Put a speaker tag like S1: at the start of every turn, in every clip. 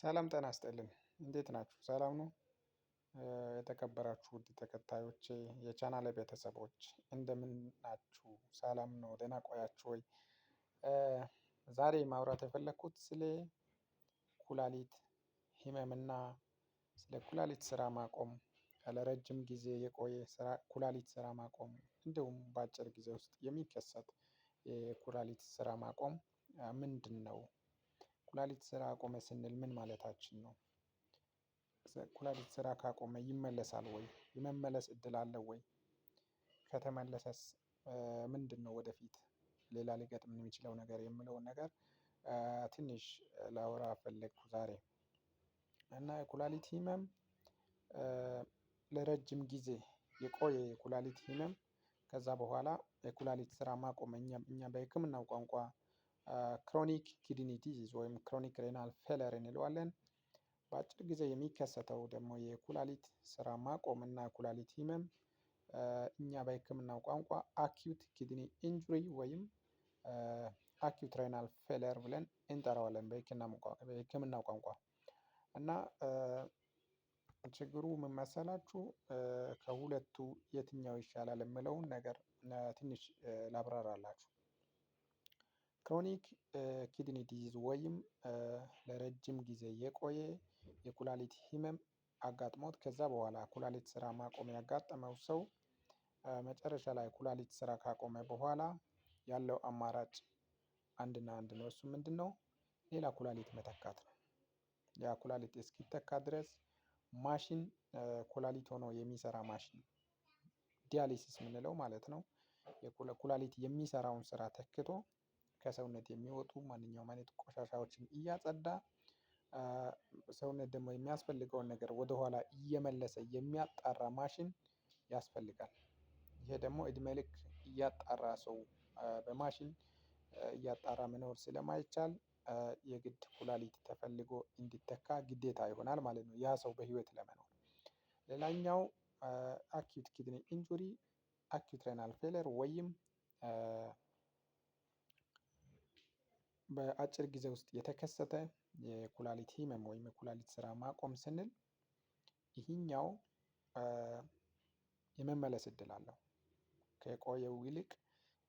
S1: ሰላም ጤና ይስጥልን እንዴት ናችሁ? ሰላም ነው። የተከበራችሁ ውድ ተከታዮቼ የቻናል ቤተሰቦች እንደምን ናችሁ? ሰላም ነው። ደህና ቆያችሁ ወይ? ዛሬ ማውራት የፈለግኩት ስለ ኩላሊት ህመምና ስለ ኩላሊት ስራ ማቆም ለረጅም ጊዜ የቆየ ኩላሊት ስራ ማቆም እንዲሁም በአጭር ጊዜ ውስጥ የሚከሰት የኩላሊት ስራ ማቆም ምንድን ነው ኩላሊት ስራ አቆመ ስንል ምን ማለታችን ነው? ኩላሊት ስራ ካቆመ ይመለሳል ወይ? የመመለስ እድል አለው ወይ? ከተመለሰስ ምንድን ነው ወደፊት ሌላ ሊገጥም የሚችለው ነገር የምለውን ነገር ትንሽ ላውራ ፈለግኩ ዛሬ እና የኩላሊት ህመም ለረጅም ጊዜ የቆየ የኩላሊት ህመም ከዛ በኋላ የኩላሊት ስራ ማቆም እኛ በህክምናው ቋንቋ ክሮኒክ ኪድኒ ዲዚዝ ወይም ክሮኒክ ሬናል ፌለር እንለዋለን። በአጭር ጊዜ የሚከሰተው ደግሞ የኩላሊት ስራ ማቆም እና ኩላሊት ህመም እኛ በህክምናው ቋንቋ አኪዩት ኪድኒ ኢንጁሪ ወይም አኪዩት ሬናል ፌለር ብለን እንጠራዋለን በህክምናው ቋንቋ እና ችግሩ ምን መሰላችሁ? ከሁለቱ የትኛው ይሻላል የምለውን ነገር ትንሽ ላብራራላችሁ። ክሮኒክ ኪድኒ ዲዚዝ ወይም ለረጅም ጊዜ የቆየ የኩላሊት ህመም አጋጥሞት ከዛ በኋላ ኩላሊት ስራ ማቆም ያጋጠመው ሰው መጨረሻ ላይ ኩላሊት ስራ ካቆመ በኋላ ያለው አማራጭ አንድና አንድ ነው። እሱ ምንድን ነው? ሌላ ኩላሊት መተካት ነው። ያ ኩላሊት እስኪተካ ድረስ ማሽን ኩላሊት ሆኖ የሚሰራ ማሽን ዲያሊሲስ የምንለው ማለት ነው። የኩላሊት የሚሰራውን ስራ ተክቶ ከሰውነት የሚወጡ ማንኛውም አይነት ቆሻሻዎችን እያጸዳ ሰውነት ደግሞ የሚያስፈልገውን ነገር ወደኋላ እየመለሰ የሚያጣራ ማሽን ያስፈልጋል። ይሄ ደግሞ እድሜ ልክ እያጣራ ሰው በማሽን እያጣራ መኖር ስለማይቻል የግድ ኩላሊት ተፈልጎ እንዲተካ ግዴታ ይሆናል ማለት ነው። ያ ሰው በህይወት ለመኖር ሌላኛው አኪዩት ኪድኒ ኢንጁሪ አኪዩት ሬናል ፌለር ወይም በአጭር ጊዜ ውስጥ የተከሰተ የኩላሊት ህመም ወይም የኩላሊት ስራ ማቆም ስንል ይህኛው የመመለስ እድል አለው። ከቆየው ይልቅ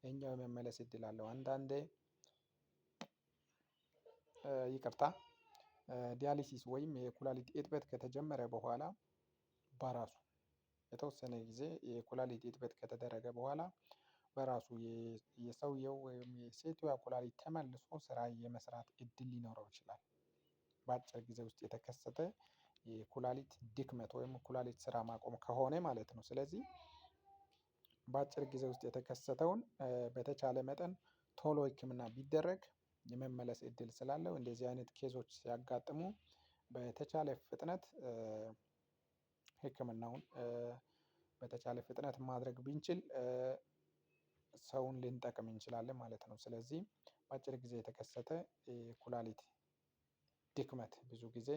S1: ይህኛው የመመለስ እድል አለው። አንዳንዴ ይቅርታ ዲያሊሲስ ወይም የኩላሊት እጥበት ከተጀመረ በኋላ በራሱ የተወሰነ ጊዜ የኩላሊት እጥበት ከተደረገ በኋላ በራሱ የሰውየው ወይም የሴትየዋ ኩላሊት ተመልሶ ስራ የመስራት እድል ሊኖረው ይችላል። በአጭር ጊዜ ውስጥ የተከሰተ የኩላሊት ድክመት ወይም ኩላሊት ስራ ማቆም ከሆነ ማለት ነው። ስለዚህ በአጭር ጊዜ ውስጥ የተከሰተውን በተቻለ መጠን ቶሎ ህክምና ቢደረግ የመመለስ እድል ስላለው እንደዚህ አይነት ኬዞች ሲያጋጥሙ በተቻለ ፍጥነት ህክምናውን በተቻለ ፍጥነት ማድረግ ብንችል ሰውን ልንጠቅም እንችላለን ማለት ነው። ስለዚህ በአጭር ጊዜ የተከሰተ የኩላሊት ድክመት ብዙ ጊዜ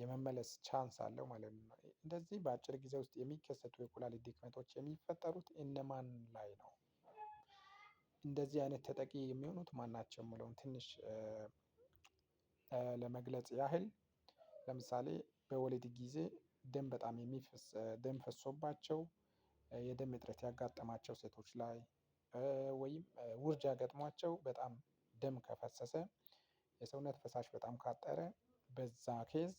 S1: የመመለስ ቻንስ አለው ማለት ነው። እንደዚህ በአጭር ጊዜ ውስጥ የሚከሰቱ የኩላሊት ድክመቶች የሚፈጠሩት እነማን ላይ ነው? እንደዚህ አይነት ተጠቂ የሚሆኑት ማናቸው ናቸው? ትንሽ ለመግለጽ ያህል ለምሳሌ በወሊድ ጊዜ ደም በጣም የሚፈስ ደም ፈሶባቸው የደም እጥረት ያጋጠማቸው ሴቶች ላይ ወይም ውርጃ ገጥሟቸው በጣም ደም ከፈሰሰ የሰውነት ፈሳሽ በጣም ካጠረ በዛ ኬዝ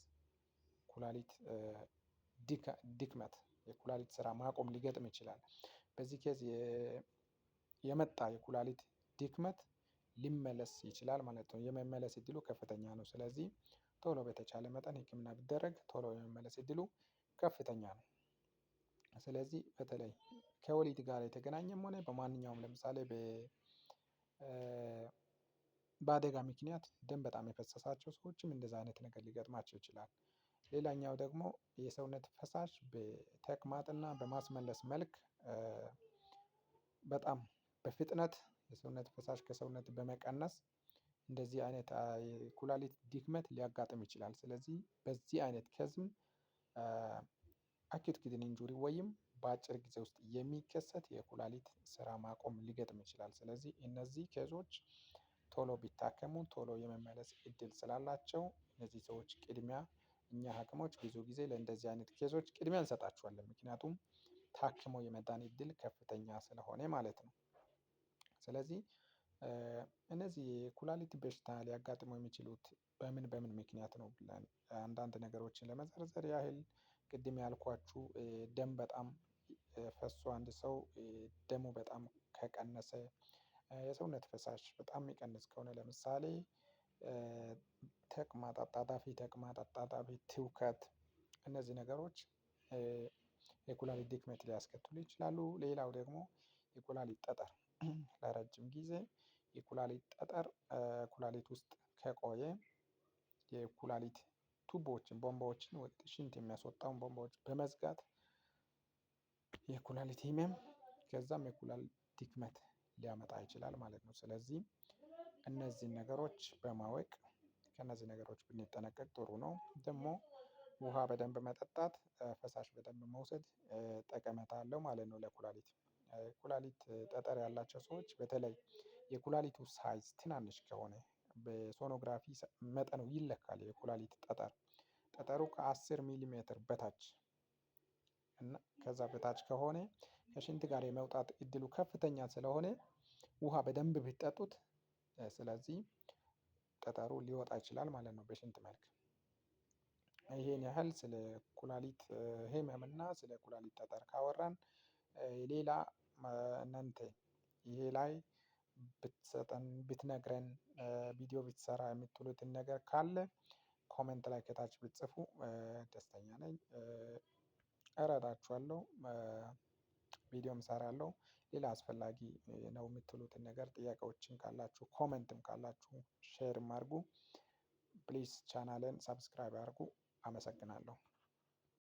S1: ኩላሊት ድክመት የኩላሊት ስራ ማቆም ሊገጥም ይችላል። በዚህ ኬዝ የመጣ የኩላሊት ድክመት ሊመለስ ይችላል ማለት ነው። የመመለስ እድሉ ከፍተኛ ነው። ስለዚህ ቶሎ በተቻለ መጠን ህክምና ቢደረግ ቶሎ የመመለስ እድሉ ከፍተኛ ነው ስለዚህ በተለይ ከወሊድ ጋር የተገናኘም ሆነ በማንኛውም ለምሳሌ በአደጋ ምክንያት ደም በጣም የፈሰሳቸው ሰዎችም እንደዚ አይነት ነገር ሊገጥማቸው ይችላል። ሌላኛው ደግሞ የሰውነት ፈሳሽ በተቅማጥና በማስመለስ መልክ በጣም በፍጥነት የሰውነት ፈሳሽ ከሰውነት በመቀነስ እንደዚህ አይነት የኩላሊት ድክመት ሊያጋጥም ይችላል። ስለዚህ በዚህ አይነት ከዝም አኪዩት ኪድኒ ኢንጁሪ ወይም በአጭር ጊዜ ውስጥ የሚከሰት የኩላሊት ስራ ማቆም ሊገጥም ይችላል። ስለዚህ እነዚህ ኬዞች ቶሎ ቢታከሙ ቶሎ የመመለስ እድል ስላላቸው እነዚህ ሰዎች ቅድሚያ እኛ ሐኪሞች ብዙ ጊዜ ለእንደዚህ አይነት ኬዞች ቅድሚያ እንሰጣቸዋለን። ምክንያቱም ታክሞ የመዳን እድል ከፍተኛ ስለሆነ ማለት ነው። ስለዚህ እነዚህ የኩላሊት በሽታ ሊያጋጥሙ የሚችሉት በምን በምን ምክንያት ነው ብለን አንዳንድ ነገሮችን ለመዘርዘር ያህል ቅድም ያልኳችሁ ደም በጣም ፈሶ አንድ ሰው ደሙ በጣም ከቀነሰ የሰውነት ፈሳሽ በጣም የሚቀንስ ከሆነ ለምሳሌ ተቅማጥ፣ አጣዳፊ ተቅማጥ፣ አጣዳፊ ትውከት እነዚህ ነገሮች የኩላሊት ድክመት ሊያስከትሉ ይችላሉ። ሌላው ደግሞ የኩላሊት ጠጠር ለረጅም ጊዜ የኩላሊት ጠጠር ኩላሊት ውስጥ ከቆየ የኩላሊት ቱቦዎችን ቧንቧዎችን ሽንት የሚያስወጣውን ቧንቧዎች በመዝጋት የኩላሊት ህመም ከዛም የኩላሊት ድክመት ሊያመጣ ይችላል ማለት ነው። ስለዚህ እነዚህን ነገሮች በማወቅ ከእነዚህ ነገሮች ብንጠነቀቅ ጥሩ ነው። ደግሞ ውሃ በደንብ መጠጣት ፈሳሽ በደንብ መውሰድ ጠቀሜታ አለው ማለት ነው። ለኩላሊት ኩላሊት ጠጠር ያላቸው ሰዎች በተለይ የኩላሊቱ ሳይዝ ትናንሽ ከሆነ በሶኖግራፊ መጠኑ ይለካል። የኩላሊት ጠጠር ጠጠሩ ከ10 ሚሊ ሜትር በታች እና ከዛ በታች ከሆነ ከሽንት ጋር የመውጣት እድሉ ከፍተኛ ስለሆነ ውሃ በደንብ ቢጠጡት፣ ስለዚህ ጠጠሩ ሊወጣ ይችላል ማለት ነው በሽንት መልክ። ይሄን ያህል ስለ ኩላሊት ህመምና ስለ ኩላሊት ጠጠር ካወራን ሌላ እናንተ ይሄ ላይ ብትሰጠን ብትነግረን ቪዲዮ ብትሰራ የምትሉትን ነገር ካለ ኮሜንት ላይ ከታች ብትጽፉ ደስተኛ ነኝ። እረዳችኋለሁ። ቪዲዮም እሰራለሁ። ሌላ አስፈላጊ ነው የምትሉትን ነገር ጥያቄዎችን ካላችሁ ኮመንትም ካላችሁ ሼርም አድርጉ። ፕሊስ ቻናልን ሳብስክራይብ አድርጉ። አመሰግናለሁ